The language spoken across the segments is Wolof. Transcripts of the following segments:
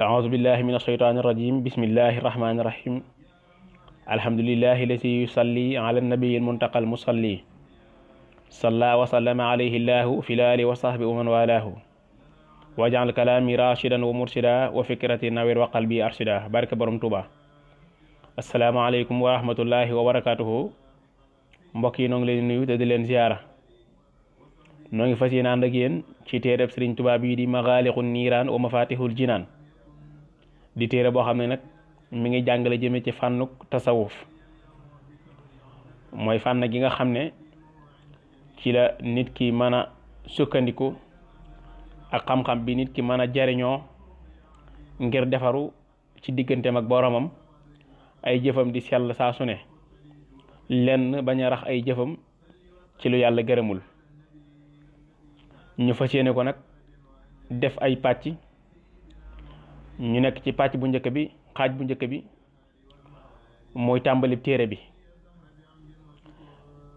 أعوذ بالله من الشيطان الرجيم بسم الله الرحمن الرحيم الحمد لله الذي يصلي على النبي المنتقى المصلي صلى وسلم عليه الله في الآل وصحبه ومن والاه وجعل كلامي راشدا ومرشدا وفكرتي نوير وقلبي أرشدا بارك برم توبا السلام عليكم ورحمة الله وبركاته مبكي نونغ noo ngi leen nuyu te di leen ziyaara noo ngi fas yéene ànd ak yéen ci téereb Sëriñ Tuubaa di téere boo xam ne nag mi ngi jàngale jëme ci fànnuk tasawuf mooy fànn gi nga xam ne ci la nit ki mën a sukkandiku ak xam-xam bi nit ki mën a ngir defaru ci digganteem ak boromam ay jëfam di sell saa su ne lenn bañ a rax ay jëfam ci lu yàlla gërëmul ñu fas ko nag def ay pàcc ñu nekk ci pàcc bu njëkk bi xaaj bu njëkk bi mooy tàmbali téere bi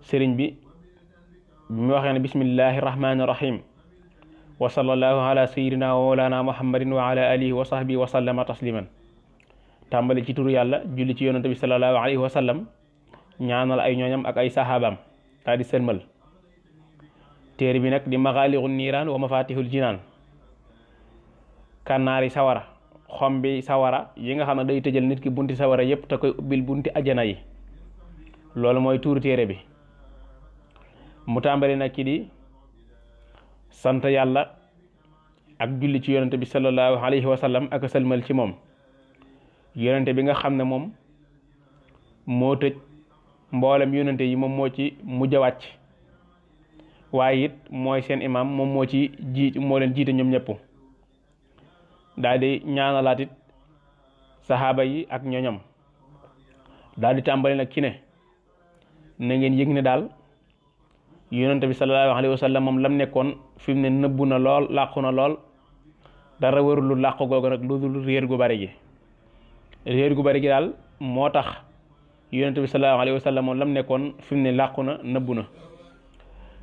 sëriñ bi bi mu waxee ne bismillahi rahmaani rahim wa sallallahu ala sayidina wa mawlana muhammadin wa ala alihi wa sahbihi wa sallama tasliman tàmbali ci turu yàlla julli ci yonante bi sallallahu alayhi wa sallam ñaanal ay ñooñam ak ay sahabam daal di sërmal téere bi nag di maxaaliqu niiraan wa mafatihul jinaan kànnaari sawara xombi sawara yi nga xam ne day tëjal nit ki bunti sawara yépp te koy ubbil bunti ajana yi loolu mooy tuuru téere bi mu tàmbali nag ki di sant yàlla ak julli ci yonente bi sallallahu alayhi wa sallam ak salmal ci moom yonente bi nga xam ne moom moo tëj mboolem yonente yi moom moo ci mujj a waaye it mooy seen imaam moom moo ci jiit moo leen jiite ñoom ñëpp daal di ñaanalaat saxaaba yi ak ñoñam daal di tàmbali nag ci ne na ngeen yëg ne daal yonente bi sallallahu alayhi wa sallam moom lam nekkoon fi mu ne nëbbu na lool làqu na lool dara warul lu làqu googu nag lu gu bari gi réer gu bari gi daal moo tax yonente bi sallallahu alayhi wa sallam nekkoon fi mu ne làqu na nëbbu na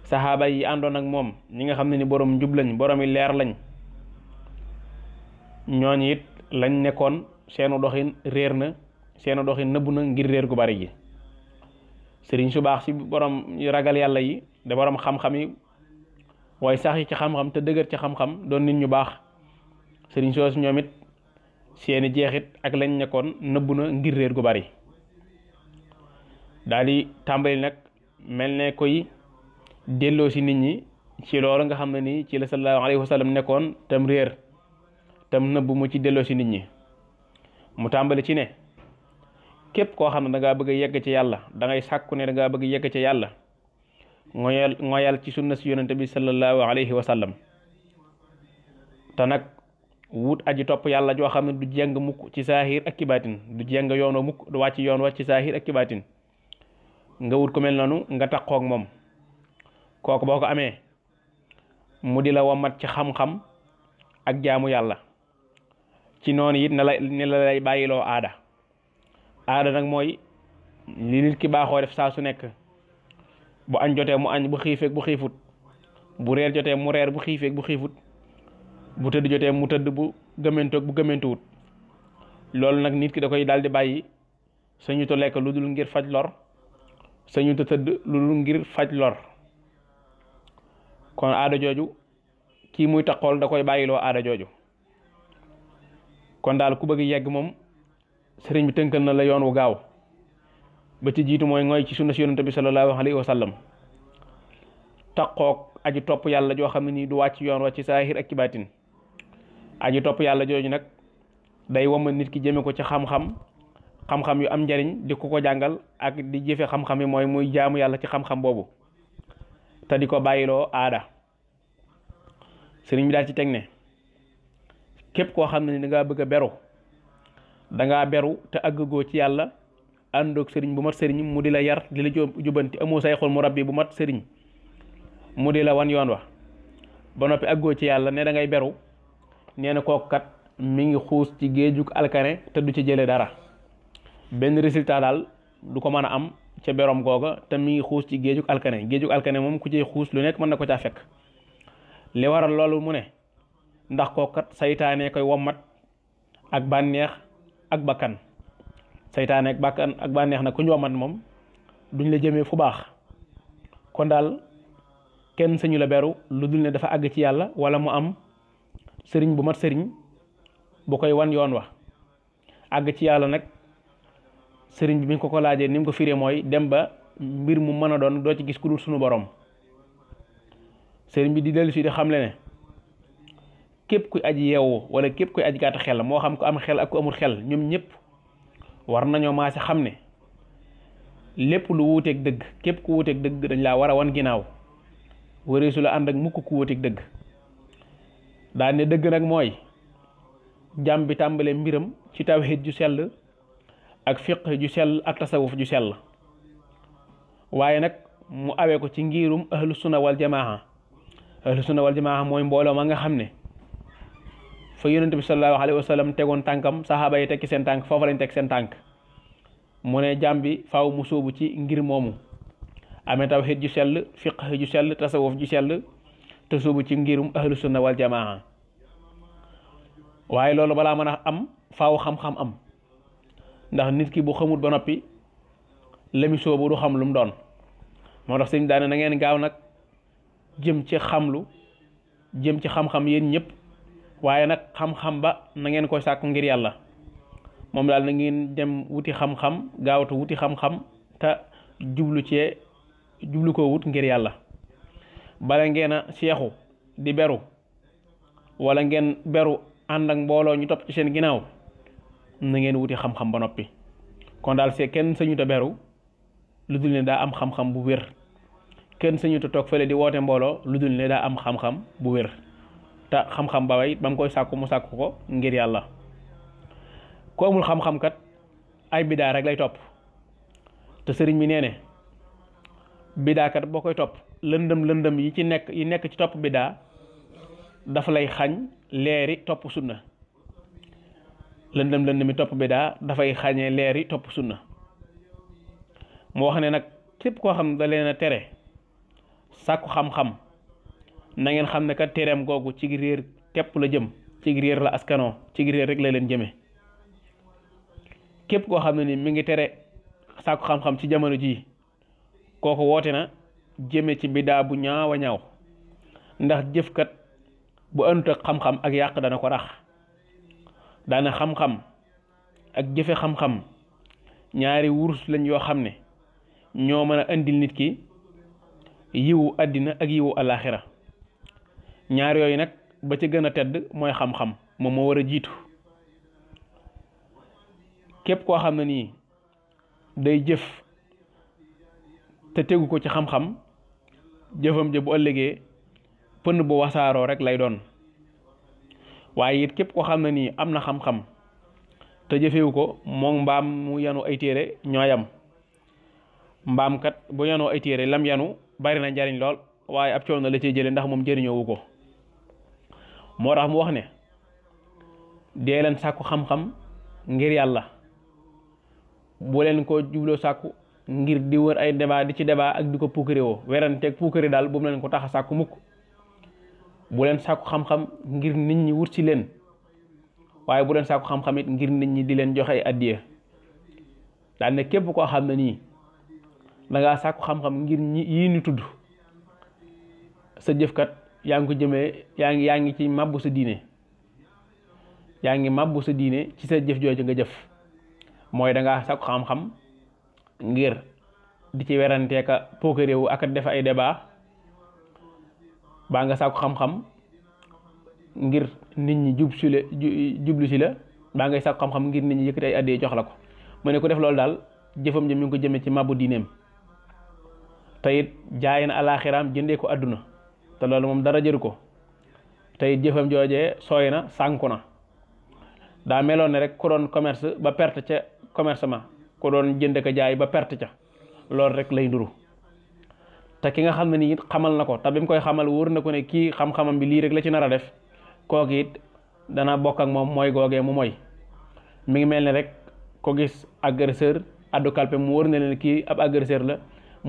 saxaaba yi àndoon ak moom ñi nga xam ne ni boroom njub lañ boromi leer lañ ñooñu it lañ nekkoon seenu doxin réer na seenu doxin nëbbu na ngir réer gu bari gi sëriñ su baax si borom ragal yàlla yi da borom xam-xam yi waaye sax yi ci xam-xam te dëgër ci xam-xam doon nit ñu baax sëriñ soos ñoom it seeni jeexit ak lañ nekkoon nëbbu na ngir réer gu bari daal di tàmbali nag mel ne koy delloo si nit ñi ci loolu nga xam ne nii ci la sallallahu alayhi wa sallam tam réer tam nëbb mu ci delloo si nit ñi mu tàmbali ci ne képp koo xam ne da ngaa bëgg a yegg ci yàlla da ngay sàkku ne da ngaa bëgg a yegg ci yàlla ngoyal ngoyal ci sunna si yonente bi sallallahu alayhi wa sallam te nag wut aji topp yàlla joo xam ne du jeng mukk ci saahir ak kibaatin du jeng yoon mukk du wàcc yoon wa ci saahir ak kibaatin nga wut ku mel noonu nga taqoog moom kooku boo ko amee mu di la womat ci xam-xam ak jaamu yàlla ci noonu it na la ne la lay bàyyiloo aada aada nag mooy li nit ki baaxoo def saa su nekk bu añ jotee mu añ bu xiifeeg bu xiifut bu reer jotee mu reer bu xiifeeg bu xiifut bu tëdd jotee mu tëdd bu gëmentoog bu gëmentuwut loolu nag nit ki da koy daal di bàyyi to lekk lu dul ngir faj lor sañuta tëdd lu dul ngir faj lor kon aada jooju kii muy taxool da koy bàyyiloo aada jooju kon daal ku bëgg yegg moom sëriñ bi tënkal na la yoon wu gaaw ba ci jiitu mooy ngooy ci sunna si yonante bi sallallahu alayhi wa sallam taqoog aji topp yàlla joo xam ne nii du wàcc yoon wa ci saa ak ci baatin aji topp yàlla jooju nag day wama nit ki jëme ko ci xam-xam xam-xam yu am njariñ di ko ko jàngal ak di jëfe xam-xam yi mooy muy jaamu yàlla ci xam-xam boobu te di ko bàyyiloo aada sëriñ bi daal ci teg képp koo xam ni nga bëgg a beru da ngaa beru te àggagoo ci yàlla àndoog sëriñ bu mat sëriñ mu di la yar di la jubanti amoo say xol mu rabbi bu mat sëriñ mu di wan yoon wa ba noppi àggoo ci yàlla ne da ngay beru nee na kat mi ngi xuus ci géejug alkane te du ci dara benn résultat daal du ko mën am ca berom googa te mi ngi xuus ci géejug alkane géejug alkane moom ku ci xuus lu nekk mën na ko caa fekk li waral loolu mu ne ndax kat saytane koy wommat ak banex ak bakkan saytane ak bakan ak banex na ku ñu womat mom duñ la jëme fu bax kon dal kenn señu la beru lu dul ne dafa ag ci yalla wala mu am sering bu mat sëriñ bu koy wan yoon wa ag ci yalla nak sëriñ bi mi ko ko laaje nim ko firé moy dem ba mbir mu mëna doon do ci gis ku dul sunu borom sëriñ bi di delu ci di ne képp kuy aji yeewu wala képp kuy aji gàtt xel moo xam ku am xel ak ku amul xel ñoom ñëpp war nañoo maase xam ne lépp lu wuuteeg dëgg képp ku wuuteeg dëgg dañ laa war a wan ginnaaw su la ànd ak mukk ku wuuteeg dëgg daan ne dëgg nag mooy jàmm bi tàmbale mbiram ci tawhid ju sell ak fiq ju sell ak tasawuf ju sell waaye nag mu awee ko ci ngirum ahlu sunna wal jamaa ahlu sunna wal jamaa mooy mbooloo ma nga xam ne fa yonent bi sallallahu alayhi wa sallam tegoon tànkam saxaaba yi tekki seen tànk foofa lañ teg seen tànk mu ne jàmm faaw mu sóobu ci ngir moomu amee tawhid ju sell fiqh ju sell tasawuf ju sell te sóobu ci ngirum ahlu sunna wal jamaa waaye loolu balaa mën a am faaw xam-xam am ndax nit ki bu xamut ba noppi la bu du xam lu mu doon moo tax sëñ daane na ngeen gaaw nag jëm ci xamlu jëm ci xam-xam yéen ñëpp. waaye nag xam-xam ba na ngeen koy sàkku ngir yàlla moom daal na ngeen dem wuti xam-xam gaawatu wuti xam-xam te jublu cee jublu ko wut ngir yàlla bala ngeen a seexu di beru wala ngeen beru ànd ak mbooloo ñu topp ci seen ginnaaw na ngeen wuti xam-xam ba noppi kon daal see kenn sañu ta beru lu dul ne daa am xam-xam bu wér kenn sañu ta toog fële di woote mbooloo lu dul ne daa am xam-xam bu wér te xam-xam ba way bam koy sàkku mu sàkku ko ngir yàlla ko amul xam-xam kat ay bidaa rek lay top. te sëriñ bi nee ne bidaa kat boo koy topp lëndëm lëndëm yi ci top yi nekk ci topp bidaa dafa lay xañ leeri top sunna lëndëm lëndëmi topp bidaa dafay xañee leeri top sunna mo wax ne nag ko xam da tere sàkku xam-xam na ngeen xam ne kat téereem googu ci réer képp la jëm ci réer la askanoo ci réer rek la leen jëmee képp koo xam ne ni mi ngi tere sàkku xam-xam ci jamono jii kooku woote na jëme ci bidaa bu ñaaw a ñaaw ndax jëfkat bu ënt ak xam-xam ak yàq dana ko rax daana xam-xam ak jëfe xam-xam ñaari wurus lañ yoo xam ne ñoo a andil nit ki yiwu ak yiwu alaxira ñaar yooyu nag ba ci gën a tedd mooy xam-xam moom moo war a jiitu képp koo xam ne nii day jëf te tegu ko ci xam-xam jëfam ja bu ëllëgee pënd bu wasaaroo rek lay doon waaye it képp koo xam ne nii am na xam-xam te jëfewu ko moom mbaam mu yanu ay téere ñooyam mbaam kat bu yanu ay téere lam yanu bari na njariñ lool waaye ab coono la cay jëlee ndax moom jëriñoowu ko moo tax mu wax ne dee leen sàkku xam-xam ngir yàlla bu leen ko jubloo sàkku ngir di wër ay débat di ci débat ak di ko puukare woo weranteeg puukare daal bu mu leen ko tax a sàkku mukk bu leen sàkku xam-xam ngir nit ñi wut si leen waaye bu leen sàkku xam-xam it ngir nit ñi di leen joxe ay addiya daan ne képp koo xam ne nii da ngaa sàkku xam-xam ngir ñi yii ñu tudd sa jëfkat yaa ngi ko jëmee yaa ngi yaa ngi ci mabbu sa diine yaa ngi mabbu sa diine ci sa jëf jooju nga jëf mooy da sakku xam-xam ngir di ci weranteeka pookaréewu ak def ay débat baa nga sakku xam-xam ngir nit ñi jub si jublu si la baa ngay sakku xam-xam ngir nit ñi yëkkati ay addee jox la ko mu ne ku def loolu daal jëfam ja mi ngi ko jëmee ci mabbu diineem te it jaay na ko adduna te loolu moom dara jëru ko tey jëfam joojee sooy na sànku na daa meloon ne rek ku doon commerce ba perte ca commerce ma ku doon jënd ka jaay ba perte ca loolu rek lay nduru te ki nga xam ne nii xamal na ko te bi mu koy xamal wóor na ko ne kii xam-xamam bi lii rek la ci nar a def kooku it dana bokk ak moom mooy googee mu moy mi ngi mel ne rek ko gis agresseur addu kalpe mu wóor ne leen kii ab agresseur la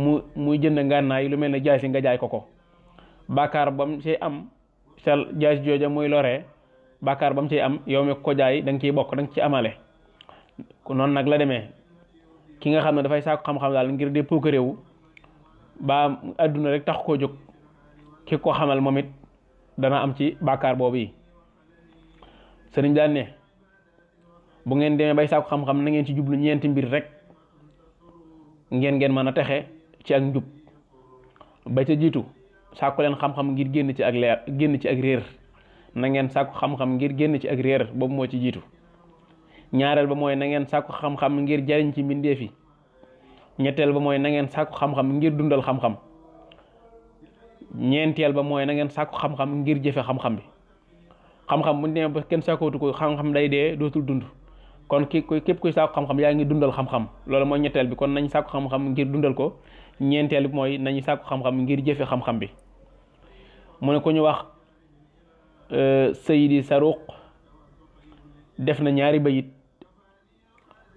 mu muy jënd ngànnaay lu mel ne jaay si nga jaay ko ko bakar bam ci am sel jaj jojo moy loree bakar bam ci am yow ko jay dang ci bok dang ci amale noonu nag la demee ki nga xam da fay saako xam-xam dal ngir di puuk rew ba aduna rek tax ko jog ki ko xamal momit dana am ci bakar bobu yi sëriñ ne bu ngeen demee bay saako xam-xam na ngeen ci jublu ñent mbir rek ngeen ngeen mana taxé ci ak njub ba ca jitu sàkku leen xam-xam ngir génn ci ak leer génn ci ak réer na ngeen sàkku xam-xam ngir génn ci ak réer boobu moo ci jiitu ñaareel ba mooy na ngeen sàkku xam-xam ngir jariñ ci mbindeef yi ñetteel ba mooy na ngeen sàkku xam-xam ngir dundal xam-xam ñeenteel ba mooy na ngeen sàkku xam-xam ngir jëfe xam-xam bi xam-xam bu ñu demee ba kenn sàkkootu ko xam-xam day dee dootul dund kon ki képp kuy sàkku xam-xam yaa ngi dundal xam-xam loolu mooy ñetteel bi kon nañ sàkku xam-xam ngir dundal ko ñeenteel bi mooy nañu sàkku xam-xam ngir jëfe xam-xam bi mu ne ko ñu wax euh, sayidi saruq def na ñaari bayit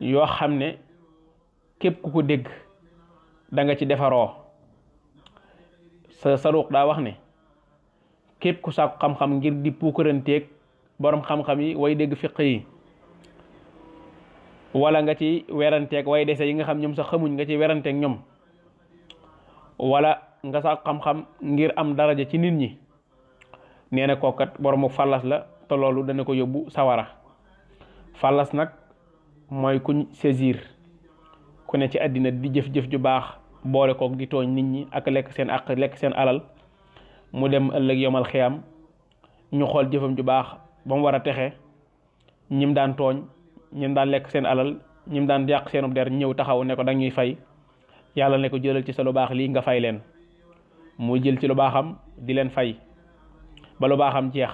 yoo xam ne képp ku ko dégg danga ci defaroo sa saruq daa wax ne képp ku sàkku xam-xam ngir di puukaranteeg borom xam-xam yi way dégg fiq yi walla nga ci weranteeg way dese yi nga xam ñoom sax xamuñ nga ci weranteek ñoom wala nga sa xam-xam ngir am daraja ci nit ñi nee na kookat boromu fallas la te lolu dana ko yobbu sawara fallas nak moy kuñ saisir ku ne ci adina di jëf-jëf ju baax boole ko di tooñ nit ñi ak lek seen ak lek seen alal mu dem ëlëk yomal xiyam ñu xol jëfam ju baax ba mu wara a ñim daan tooñ ñim daan lek seen alal ñim daan yaq seenu der ñew taxaw ne ko dang ñuy fay yàlla ne ko jëlal ci sa lu baax lii nga fay leen mu jël ci lu baaxam di leen fay ba lu baaxam jeex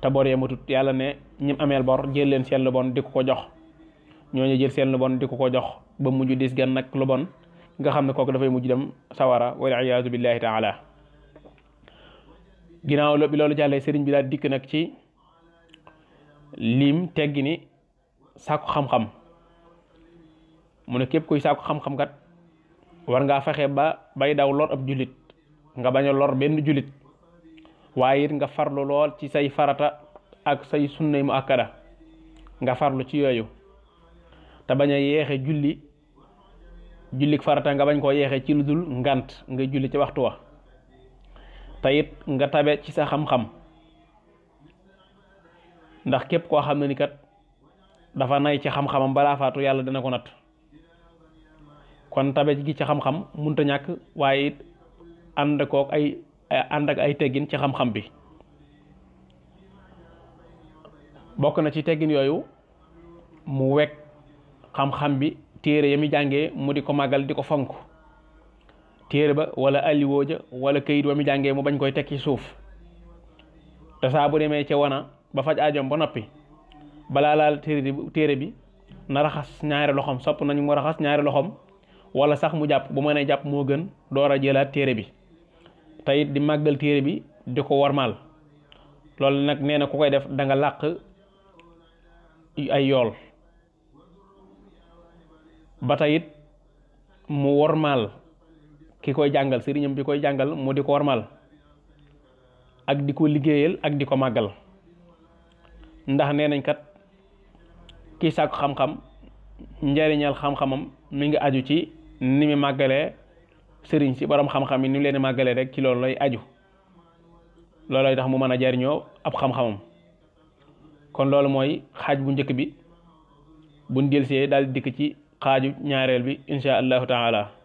te bor yee matut yàlla ne ñim ameel bor jël leen seen lu bon di ko ko jox ñooñu jël seen lu bon di ko ko jox ba mujj dis gan nag lu bon nga xam ne kooku dafay mujj dem sawara wal iyaazu billahi taala lo bi loolu jàllee sëriñ bi daal dikk nag ci lim teggi ni sàkku xam-xam mu ne képp kuy sàkku xam-xam kat war nga fexé ba bay daw lor ab julit nga baña lor ben julit waye it nga farlu lol ci say farata ak say sunna mu akara nga farlu ci yoyu ta baña yexé julli julli farata nga bañ ko yexé ci lu ngant nga julli ci waxtu wa tayit nga tabé ci sa xam-xam ndax kep ko xamni kat dafa nay ci xam-xamam bala faatu yalla dana ko nat kon tabe gi ci xam-xam munta ñàkk waaye ànd ay ànd ak ay teggin ci xam-xam bi bokk na ci teggin yooyu mu wek xam-xam bi téere yami jàngee mu di ko màggal di ko fonk téere ba wala aliwoo ja wala kayit duwa mi jàngee mu bañ koy teg ci suuf te saa bu demee ca wana ba faj aajom ba noppi balaa laal bi téere bi na raxas ñaari loxom sopp nañu mu raxas wala sax mu japp bu mënee japp mo gën door a jëlaat téere bi tayit di màggal téré bi diko warmal lol nak nag ku koy def da nga laq ay yol ba tayit mu warmal ki koy jangal sëriñam bi koy jangal mu diko warmal ak diko ko ak diko ko ndax nee kat ki sàkku xam-xam njariñal xam-xamam mi nga aju ci ni mi màggalee sëriñ si borom xam-xam yi ni mu leen màggalee rek ci loolu lay aju loolooy tax mu mën a jariñoo ab xam-xamam kon loolu mooy xaaj bu njëkk bi buñ see daal dikk ci xaaju ñaareel bi incha allahu taala